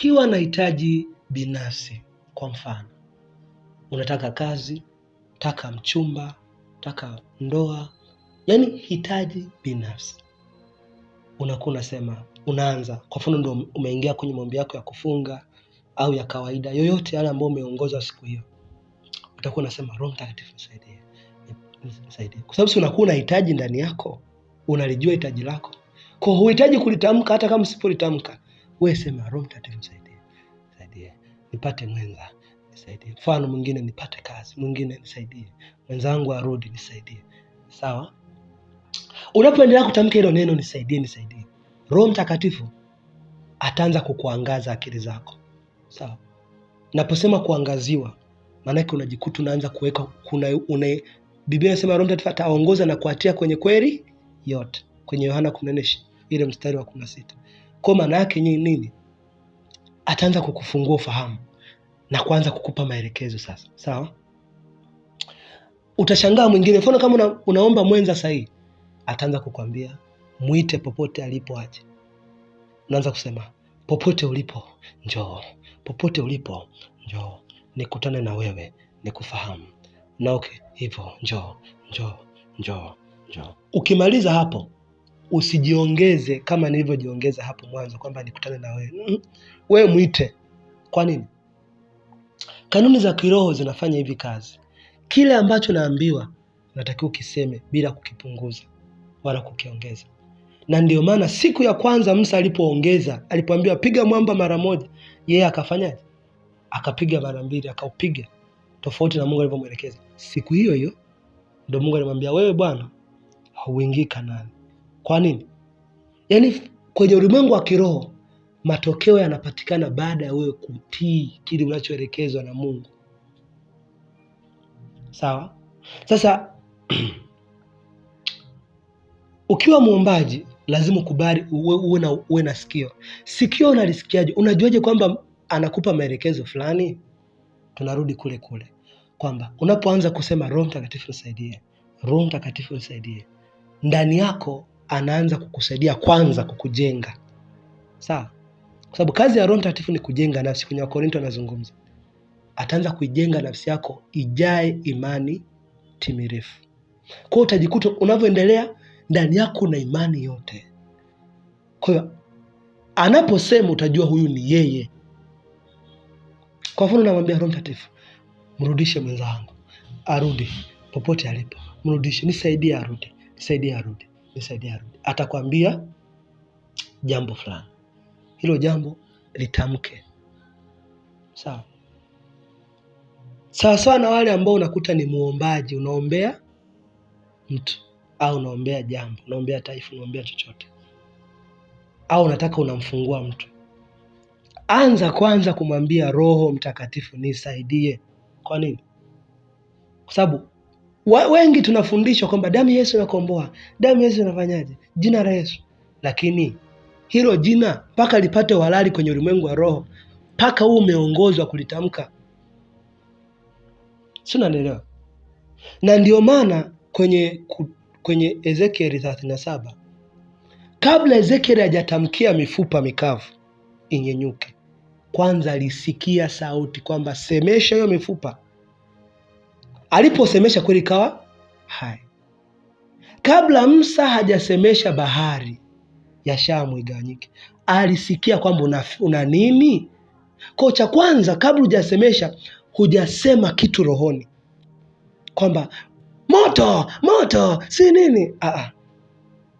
ukiwa na hitaji binafsi, kwa mfano unataka kazi, taka mchumba, taka ndoa, yani hitaji binafsi, unakuwa unasema, unaanza kwa mfano, ndo umeingia kwenye maombi yako ya kufunga au ya kawaida yoyote yale ambayo umeongoza siku hiyo, utakuwa unasema Roho Mtakatifu nisaidie, nisaidie, kwa sababu si unakuwa na hitaji ndani yako, unalijua hitaji lako, kwa huhitaji kulitamka, hata kama usipolitamka wewe sema, Roho Mtakatifu nisaidie, nisaidie nipate mwenza, nisaidie mfano mwingine, nipate kazi mwingine, nisaidie mwenzangu arudi, nisaidie. Sawa, unapoendelea kutamka hilo neno nisaidie, nisaidie, Roho Mtakatifu ataanza kukuangaza akili zako. Sawa, naposema kuangaziwa, maanake unajikuta unaanza kuweka kuna, una, Biblia inasema Roho Mtakatifu ataongoza na kuatia kwenye kweli yote, kwenye Yohana 14 ile mstari wa 16. Kwa maana yake ni nini? Ataanza kukufungua ufahamu na kuanza kukupa maelekezo sasa, sawa? Utashangaa mwingine, mfano kama una, unaomba mwenza sahihi, ataanza kukwambia mwite popote alipo aje. Unaanza kusema popote ulipo njoo, popote ulipo njoo, nikutane na wewe, nikufahamu na okay, hivyo njoo, njoo, njoo, njoo. Ukimaliza hapo usijiongeze kama nilivyojiongeza hapo mwanzo kwamba nikutane na wewe. Wewe mwite. Kwa nini? Kanuni za kiroho zinafanya hivi kazi. Kile ambacho naambiwa natakiwa ukiseme bila kukipunguza wala kukiongeza, na ndio maana siku ya kwanza Musa alipoongeza, alipoambiwa piga mwamba mara moja, yeye akafanyaje? Akapiga mara mbili, akaupiga tofauti na Mungu alivyomwelekeza. Siku hiyo hiyo ndio Mungu alimwambia, wewe bwana hauingii Kanaani. Kwa nini? Yaani kwenye ulimwengu wa kiroho matokeo yanapatikana baada ya wewe kutii kile unachoelekezwa na Mungu. Sawa? Sasa ukiwa muombaji lazima ukubali uwe, uwe, na, uwe na sikio. Sikio unalisikiaje? Unajuaje kwamba anakupa maelekezo fulani? Tunarudi kule kule kwamba unapoanza kusema Roho Mtakatifu nisaidie, Roho Mtakatifu nisaidie, ndani yako anaanza kukusaidia kwanza kukujenga. Sawa? Kwa sababu kazi ya Roho Mtakatifu ni kujenga nafsi. Kwenye Wakorinto anazungumza, ataanza kuijenga nafsi yako ijae imani timirifu. Kwa hiyo utajikuta unavyoendelea ndani yako na imani yote. Kwa hiyo anaposema utajua huyu ni yeye. Kwa mfano, namwambia Roho Mtakatifu, mrudishe mwenzangu arudi popote alipo, mrudishe, nisaidie arudi, nisaidie arudi. Yesu arudi. atakwambia jambo fulani, hilo jambo litamke. Sawa sawa sawa na wale ambao unakuta ni muombaji, unaombea mtu au unaombea jambo, unaombea taifa, unaombea chochote, au unataka unamfungua mtu, anza kwanza kumwambia Roho Mtakatifu nisaidie. Kwa nini? Kwa sababu wengi tunafundishwa kwamba damu Yesu inakomboa, damu Yesu inafanyaje, jina la Yesu. Lakini hilo jina mpaka lipate uhalali kwenye ulimwengu wa roho, mpaka huu umeongozwa kulitamka, si unanielewa? Na ndio maana kwenye kwenye Ezekieli 37 kabla Ezekieli hajatamkia mifupa mikavu inyenyuke, kwanza alisikia sauti kwamba semesha hiyo mifupa aliposemesha kweli kawa hai. Kabla Musa hajasemesha bahari ya Shamu igawanyike, alisikia kwamba una, una nini? Kwa cha kwanza, kabla hujasemesha, hujasema kitu rohoni kwamba moto moto si nini. Aa,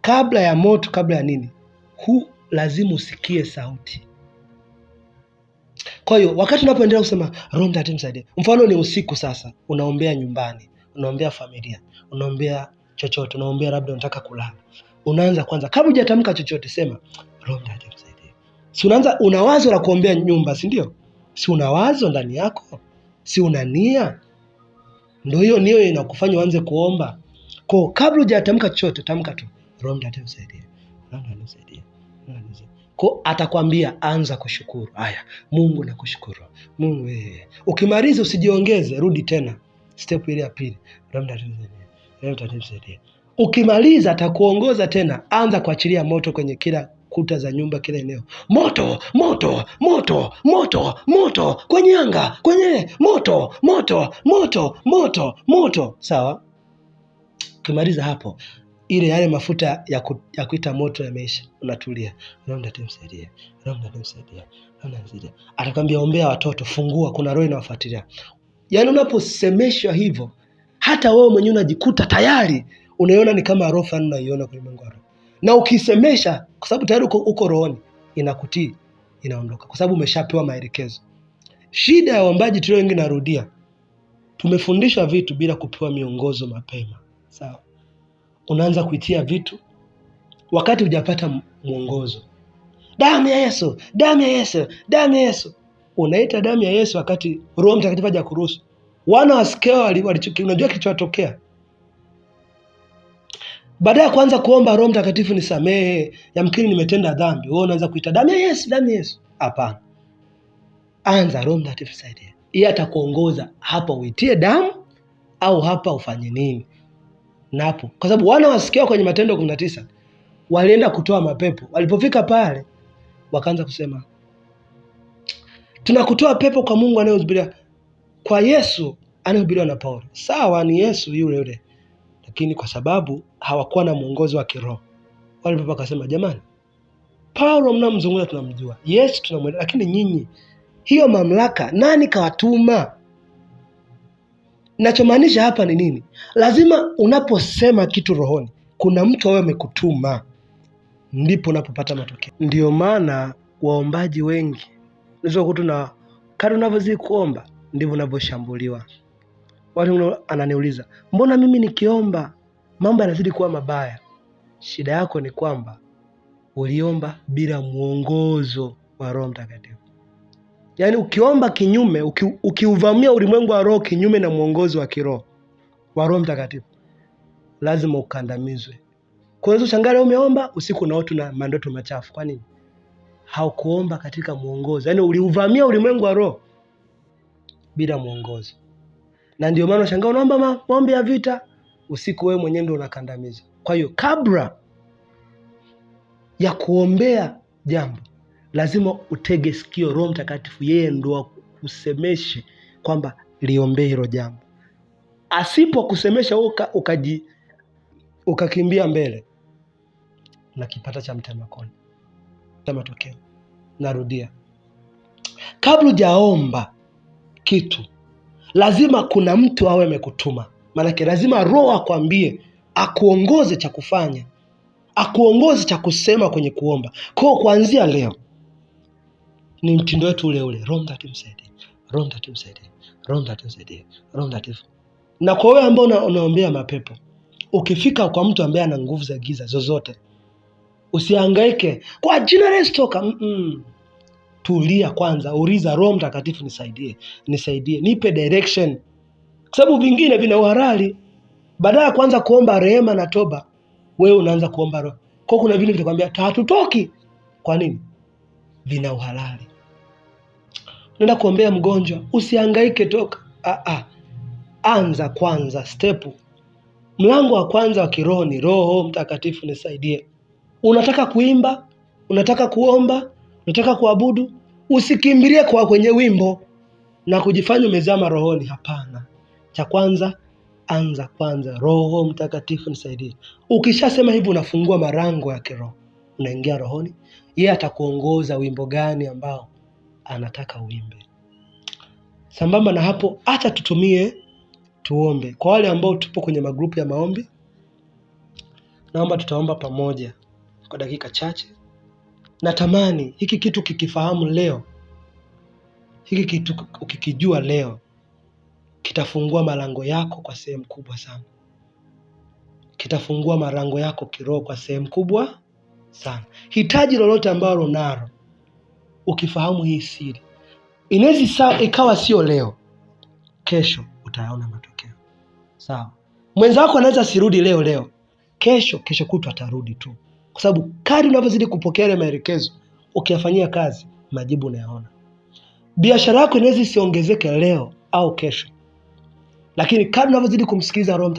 kabla ya moto, kabla ya nini, hu lazima usikie sauti kwa hiyo wakati unapoendelea kusema Roho Mtakatifu nisaidie, mfano ni usiku sasa, unaombea nyumbani, unaombea familia, unaombea chochote, unaombea labda unataka kulala, unaanza kwanza, kabla hujatamka chochote, sema Roho Mtakatifu nisaidie. Si unaanza, una wazo la kuombea nyumba, si ndio? Si una wazo ndani yako, si una nia? Ndio hiyo niyo inakufanya uanze kuomba. Kwa kabla hujatamka chochote, tamka tu Roho Mtakatifu nisaidie, Roho Mtakatifu nisaidie, Roho Mtakatifu nisaidie. Ko, atakwambia anza kushukuru. Haya, Mungu nakushukuru Mungu ee. Ukimaliza usijiongeze, rudi tena step ile ya pili, ukimaliza atakuongoza tena. Anza kuachilia moto kwenye kila kuta za nyumba, kila eneo, moto moto moto moto moto, kwenye anga, kwenye moto moto moto moto moto. Sawa, ukimaliza hapo ile yale mafuta ya, ku, ya kuita moto yameisha, unatulia, naomba atamsaidia, naomba atamsaidia, naomba atamsaidia. Atakwambia ombea watoto, fungua, kuna roho inawafuatilia. Yaani unaposemeshwa hivyo, hata wewe mwenyewe unajikuta tayari unaiona ni kama roho fulani unaiona kwenye mlango wa roho, na ukisemesha, kwa sababu tayari uko, uko rohoni, inakutii inaondoka, kwa sababu umeshapewa maelekezo. Shida ya waombaji tulio wengi, narudia, tumefundishwa vitu bila kupewa miongozo mapema, sawa unaanza kuitia vitu wakati hujapata mwongozo. Damu ya Yesu, damu ya Yesu, damu ya Yesu. Unaita damu ya Yesu wakati Roho Mtakatifu haja kuruhusu. Wana wa Skewa unajua kilichotokea baada ya kuanza kuomba Roho Mtakatifu nisamehe, yamkini nimetenda dhambi. Wewe unaanza kuita damu ya Yesu, damu ya Yesu. Hapana, anza Roho Mtakatifu saidia, yeye atakuongoza hapa uitie damu au hapa ufanye nini napo, kwa sababu wana wasikia kwenye Matendo kumi na tisa walienda kutoa mapepo. Walipofika pale, wakaanza kusema tunakutoa pepo kwa Mungu anayehubiriwa kwa Yesu anayehubiriwa na Paulo. Sawa, ni Yesu yule yule, lakini kwa sababu hawakuwa na mwongozo wa kiroho wale pepo wakasema, jamani, Paulo mnamzungumza tunamjua, Yesu tunamwelewa, lakini nyinyi hiyo mamlaka nani kawatuma? Nachomaanisha hapa ni nini? Lazima unaposema kitu rohoni, kuna mtu awe amekutuma, ndipo unapopata matokeo. Ndio maana waombaji wengi unaweza na kadri unavyozidi kuomba ndivyo unavyoshambuliwa. Watu ananiuliza mbona mimi nikiomba mambo yanazidi kuwa mabaya? Shida yako ni kwamba uliomba bila mwongozo wa Roho Mtakatifu yaani ukiomba kinyume, uki, ukiuvamia ulimwengu wa roho kinyume na mwongozo wa kiroho wa Roho Mtakatifu, lazima ukandamizwe. Kwa hiyo shangaa leo umeomba usiku unaota na mandoto machafu. Kwa nini? Haukuomba katika mwongozo, yaani uliuvamia ulimwengu wa roho bila mwongozo, na ndio maana shangaa unaomba maombi ya vita usiku, wewe mwenyewe ndio unakandamiza. Kwa hiyo kabla ya kuombea jambo lazima utege sikio Roho Mtakatifu, yeye ndo akusemeshe kwamba liombee hilo jambo. Asipokusemesha uka, ukaji ukakimbia mbele, na kipata cha mtema kona cha matokeo. Narudia, kabla hujaomba kitu lazima kuna mtu awe amekutuma, maanake lazima Roho akwambie, akuongoze cha kufanya, akuongoze cha kusema kwenye kuomba kwao. Kuanzia leo ni mtindo wetu ule ule, Roho Mtakatifu msaidie, Roho Mtakatifu msaidie, Roho Mtakatifu msaidie, Roho Mtakatifu. Na kwa wewe ambao unaombea mapepo, ukifika kwa mtu ambaye ana nguvu za giza zozote, usihangaike kwa jina la Yesu toka. mm -mm. Tulia kwanza, uliza Roho Mtakatifu, nisaidie, nisaidie, nipe direction, kwa sababu vingine vina uhalali. Badala ya kuanza kuomba rehema na toba, wewe unaanza kuomba roho. Kwa kuna vile vitakwambia hatutoki. Kwa nini? Vina uhalali naenda kuombea mgonjwa, usihangaike, toka A-a. Ah, ah. Anza kwanza step. Mlango wa kwanza wa kiroho ni Roho Mtakatifu nisaidie. Unataka kuimba, unataka kuomba, unataka kuabudu, usikimbilie kwa kwenye wimbo na kujifanya umezama rohoni. Hapana, cha kwanza anza kwanza, Roho Mtakatifu nisaidie. Ukishasema hivi unafungua marango ya kiroho, unaingia rohoni, yeye atakuongoza wimbo gani ambao anataka uimbe. Sambamba na hapo, hata tutumie tuombe. Kwa wale ambao tupo kwenye magrupu ya maombi, naomba tutaomba pamoja kwa dakika chache. Natamani hiki kitu kikifahamu leo, hiki kitu ukikijua leo, kitafungua malango yako kwa sehemu kubwa sana, kitafungua malango yako kiroho kwa sehemu kubwa sana. Hitaji lolote ambalo unalo ukifahamu hii siri, saa ikawa sio leo, kesho utayaona matokeo. Sawa, mwenzako anaweza asirudi leo leo, kesho kesho kutu atarudi tu, kwa sababu kadri unavyozidi kupokea ile maelekezo, ukiyafanyia kazi, majibu unayaona. Biashara yako inaweza isiongezeke leo au kesho, lakini kadri unavyozidi kumsikiliza Roho